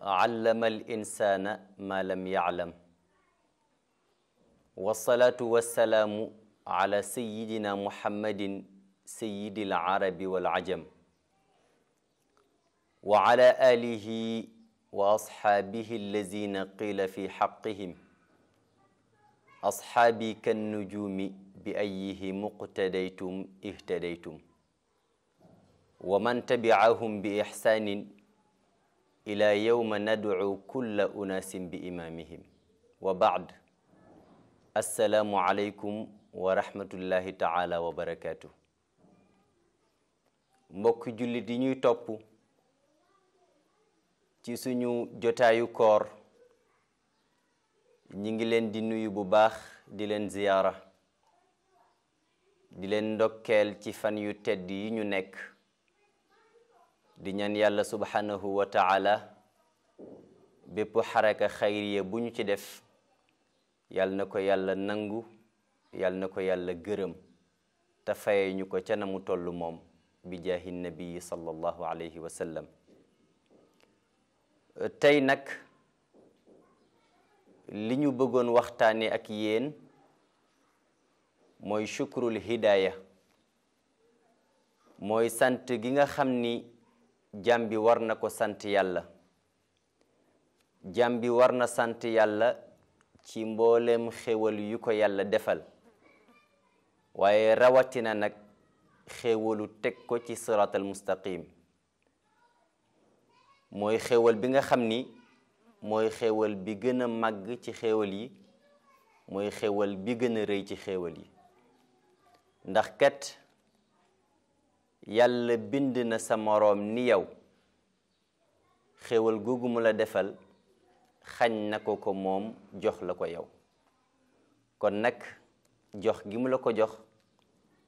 allama alinsaana ma lam yaclam wasalaatu wasalaamu ala sayidina muhammadin sayidi alcarabi walcajam wa ala alihi wa asxaabihi allazina qiila fi xaqihim asxaabi kannujuumi bi ayihi muqtadaytum ihtadaytum wa man tabi'ahum bi ixsaanin ila yowma nadcu kulla unaasin bi imaamihim wa baad assalaamu aleykum wa rahmatullahi taala wa barakaatu mbokk jullit yi ñuy topp ci suñu jotaayu koor ñi ngi leen di nuyu bu baax di leen ziyaara di leen ndokkeel ci fan yu tedd yi ñu nekk di ñaan yàlla subhanahu wa taala bépp xaraka xayriya bu ñu ci def yàlla na ko yàlla nangu yàlla na ko yàlla gërëm te faye ñu ko ca na mu toll moom bi jaahi nabii sallallahu alayhi wa sallam tey nag li ñu bëggoon waxtaane ak yéen mooy chukrul hidaaya mooy sant gi nga xam ni jàm bi war na ko sant yàlla jàm bi war na sant yàlla ci mbooleem xéwal yu ko yàlla defal waaye rawatina nag xéwalu teg ko ci siraatal mustaqim mooy xéwal bi nga xam ni mooy xéwal bi gëna a ci xéwal yi mooy xéwal bi gëna a rëy ci xéwal yi ndax kat yàlla bind na sa moroom ni yow xéwal googu la defal xañ na ko ko moom jox la ko yow kon nag jox gi mu la ko jox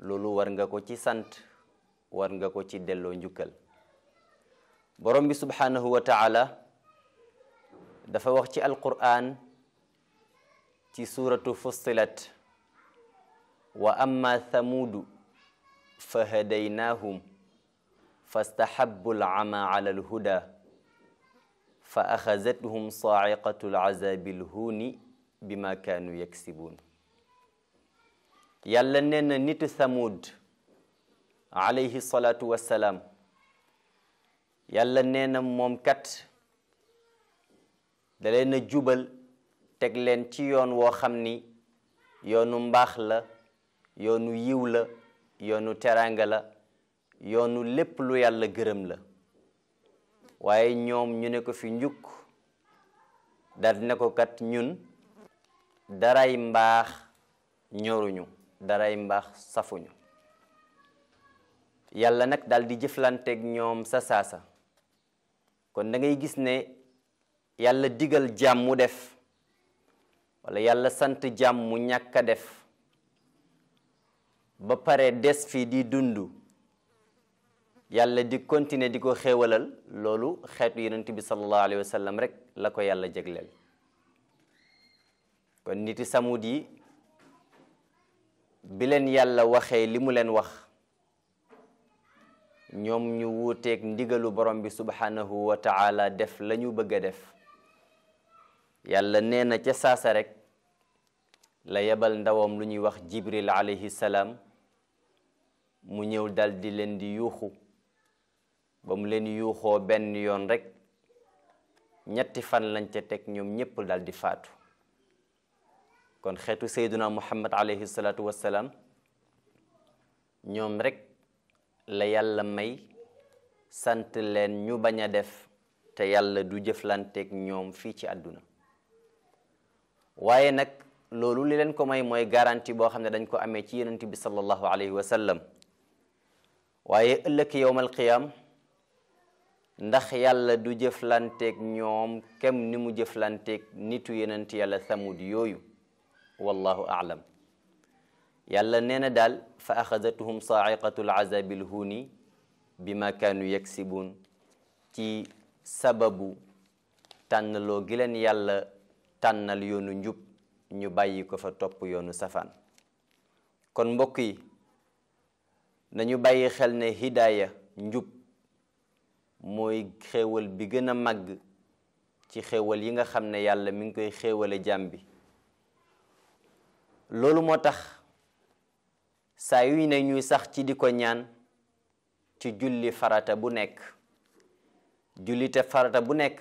loolu war nga ko ci sant war nga ko ci delloo njukkal borom bi subhanahu wa taala dafa wax ci alquran ci suuratu fussilat wa amma thamuudu fa hadaynaahum fastahabbu alama ala alhuda fa axazathum saaciqatu alazaabi alhuuni bima kaanu yaksibuun yàlla nee na nitu samuud alayhi salaatu wassalaam yàlla nee na moom kat da leen a jubal teg leen ci yoon woo xam ni yoonu mbaax la yoonu yiw la yoonu teraanga la yoonu lépp lu yàlla gërëm la waaye ñoom ñu ne ko fi njukk dal ne ko kat ñun daray mbaax ñoruñu daray mbaax safuñu yàlla nag daldi di jëflanteeg ñoom sa saasa kon dangay gis ne yàlla digal jàmm mu def wala yàlla sant jàmm mu ñàkka def ba pare des fii di dundu yàlla di continuer di ko xéewalal loolu xeet yonent bi sallallahu alayhi wa sallam rek la ko yàlla jégleel kon niti samud yi bi leen yàlla waxee li mu leen wax ñoom ñu wuteek ndigalu borom bi subhanahu wa taala def la ñu bëgg a def yàlla nee na ca saasa rek la yebal ndawam lu ñuy wax jibril alayhi salaam mu ñëw daldi di leen di yuuxu ba mu leen yuuxoo benn yoon rekk ñetti fan lañ ca teg ñoom ñépp dal di faatu kon xeetu sayduna muhammad alayhi salaatu wassalaam ñoom rekk la yàlla may sant leen ñu bañ a def te yàlla du jëf jëflanteeg ñoom fii ci àdduna waaye nag loolu li leen ko may mooy garanti boo xam ne dañ ko amee ci yonent bi sallallahu alayhi wa sallam waaye ëllëg yowmal qiyaam ndax yàlla du jëflanteeg ñoom kem ni mu jëflanteeg nitu yenent yàlla samud yooyu wallahu aalam yàlla nee na daal fa axadathum saaiqatu alazabi lhuuni bi ma kaanu yaksibuun ci sababu tànnaloo gi leen yàlla tànnal yoonu njub ñu bàyyi ko fa topp yoonu safaan kon mbokk yi nañu bàyyi xel ne hidaaya njub mooy xéewal bi gën a màgg ci xéewal yi nga xam ne yàlla mi ngi koy xéewale jàmm bi loolu moo tax saa yuy ne ñuy sax ci di ko ñaan ci julli farata bu nekk jullite farata bu nekk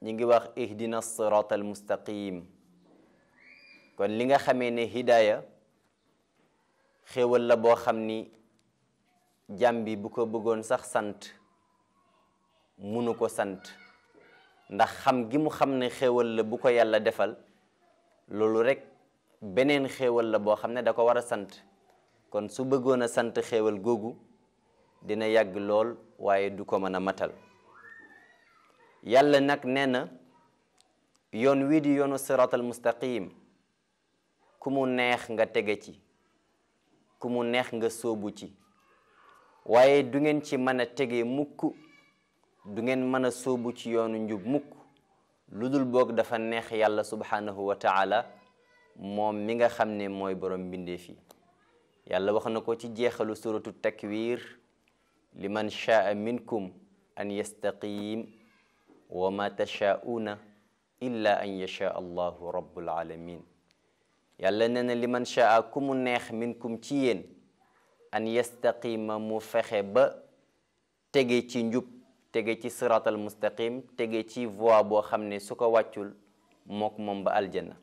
ñu ngi wax ihdina sirat al mustaqim kon li nga xamee ne hidaaya xéewal la boo xam ni jàm bi bu ko bëggoon sax sant mënu ko sant ndax xam gi mu xam ne xéewal la bu ko yàlla defal loolu rekk beneen xéewal la boo xam ne da ko war a sant kon su bëggoon a sant xéewal googu dina yàgg lool waaye du ko mën a matal yàlla nag nee na yoon wii di yoonu siraatal mustaqim ku mu neex nga tege ci ku mu neex nga sóobu ci waaye du ngeen ci mën a tege mukk du ngeen mën a sóobu ci yoonu njub mukk lu dul boog dafa neex yàlla subhanahu wa taala moom mi nga xam ne mooy borom mbindeef yi yàlla wax na ko ci jeexalu suratu takwir liman shaa minkum an yastaqim wa ma tashaa'una illa an yashaa allahu rabbul alamin yàlla nee na liman shaa ku mu neex minkum ci yéen an yastaqima mu fexe ba tege ci njub tege ci siratal mustaqim tege ci voie boo xam ne su ko wàccul mook moom ba aljanna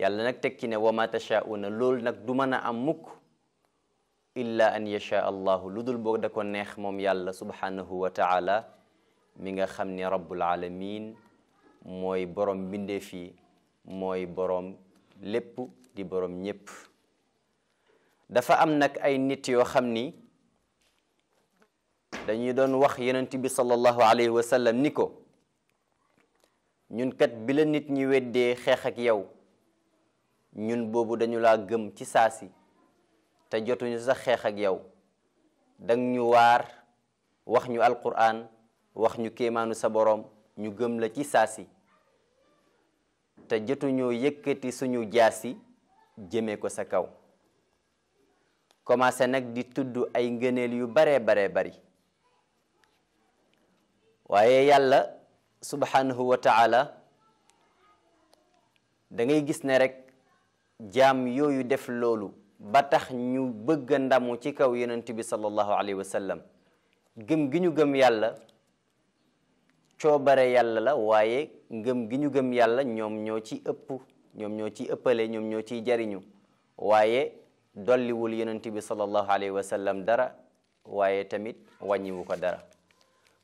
yàlla nag teg ci ne wa ma tashauna loolu nag du mën a am mukk illa an yasha allahu lu dul boo da ko neex moom yàlla subhanahu wa taala mi nga xam ne rabbul alamin mooy boroom mbindeef yi mooy borom lépp di boroom ñépp dafa am nag ay nit yoo xam ni dañuy doon wax yonent bi sallallahu alayhi wa sallam ni ko ñun kat bi la nit ñi weddee xeex ak yow ñun boobu dañu la gëm ci saasi te jotuñu sax xeex ak yow dang ñu waar wax ñu alquran wax ñu kéemaanu sa boroom ñu gëm la ci saasi te jotuñu yëkkati suñu jaasi jëme ko sa kaw commencé nag di tudd ay ngëneel yu baree baree bari waaye yàlla subhanahu wa taala dangay gis ne rekk jaam yooyu def loolu ba tax ñu bëgg a ndamu ci kaw yonent bi sallallahu alayhi wa sallam gëm gi ñu gëm yàlla coobare yàlla la waaye ngëm gi ñu gëm yàlla ñoom ñoo ci ëpp ñoom ñoo ci ëppale ñoom ñoo ciy jariñu waaye dolliwul yonent bi dara waaye tamit wàññiwu ko dara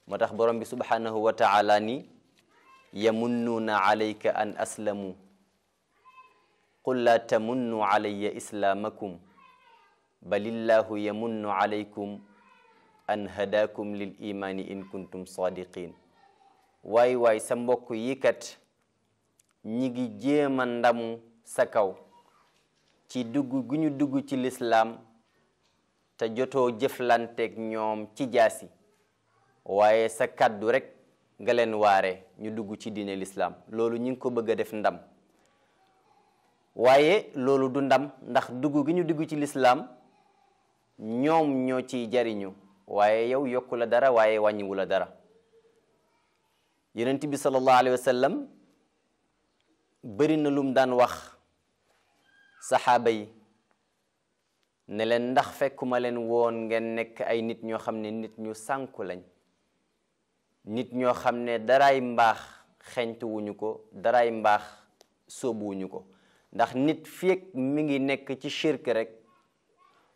moo tax borom bi subhanahu wa taala ni yamunnuuna alayka an aslamu qul laa tamunnu alayya islaamakum balillahu yamunnu alaykum an hadaakum lil in kuntum sadiqin waay waay sa mbokk yi kat ñi ngi ndamu sa kaw ci dugg gu ñu dugg ci lislaam te jotoo jëflanteeg ñoom ci jaasi waaye sa kàddu rekk nga leen waare ñu dugg ci diine lislaam loolu ñi ko bëgg a def ndam waaye loolu du ndam ndax dugg gi ñu dugg ci lislaam ñoom ñoo ci jariñu waaye yow yokku la dara waaye wàññiwu la dara yonent bi sallallahu alayhi wa sallam lum daan wax saxaaba yi ne leen ndax fekkuma leen woon ngeen nekk ay nit ñoo xam ne nit ñu sànku lañ nit ñoo xam ne daraay mbaax xeñtuwuñu ko daraay mbaax sóobuwuñu ko ndax nit feek mi ngi nekk ci shirk rekk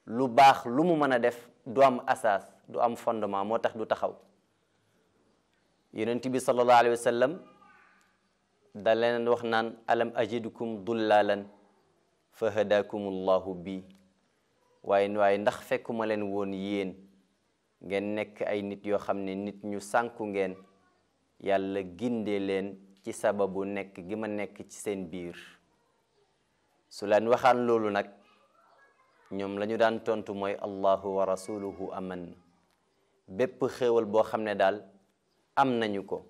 lu baax lu mu mën a def du am asaas du am fondement moo tax du taxaw yonent bi sallallahu alayhi wa sallam da leen wax naan alam ajidukum dullalan fa hadaakumu llahu bi waaye waaye ndax fekkuma leen woon yéen ngeen nekk ay nit yoo xam ne nit ñu sànku ngeen yàlla ginde leen ci sababu nekk gi ma nekk ci seen biir su leen waxaan loolu nag ñoom lañu daan tontu mooy allahu wa rasuluhu aman bépp xewal boo xam ne daal am nañu ko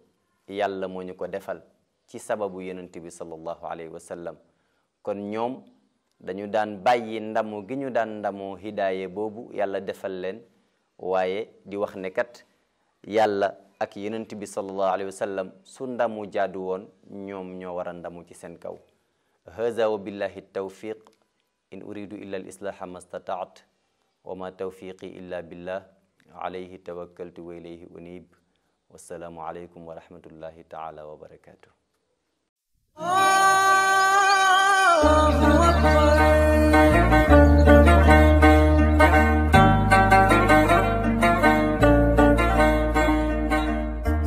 yàlla moo ñu ko defal ci sababu yonent bi sallallahu alayhi wa sallam kon ñoom dañu daan bàyyi ndamu gi ñu daan ndamu hidaaye boobu yàlla defal leen waaye di wax ne kat yàlla ak yonent bi sallallahu su ndamu jaadu woon ñoom ñoo war a ndamu ci seen kaw haza wa billahi tawfiq in uridu illa al ma stataat wa ma tawfiqi illa billah alayhi tawakkaltu wa ilayhi unib wassalaamu alaykum wa taala wa barakatuh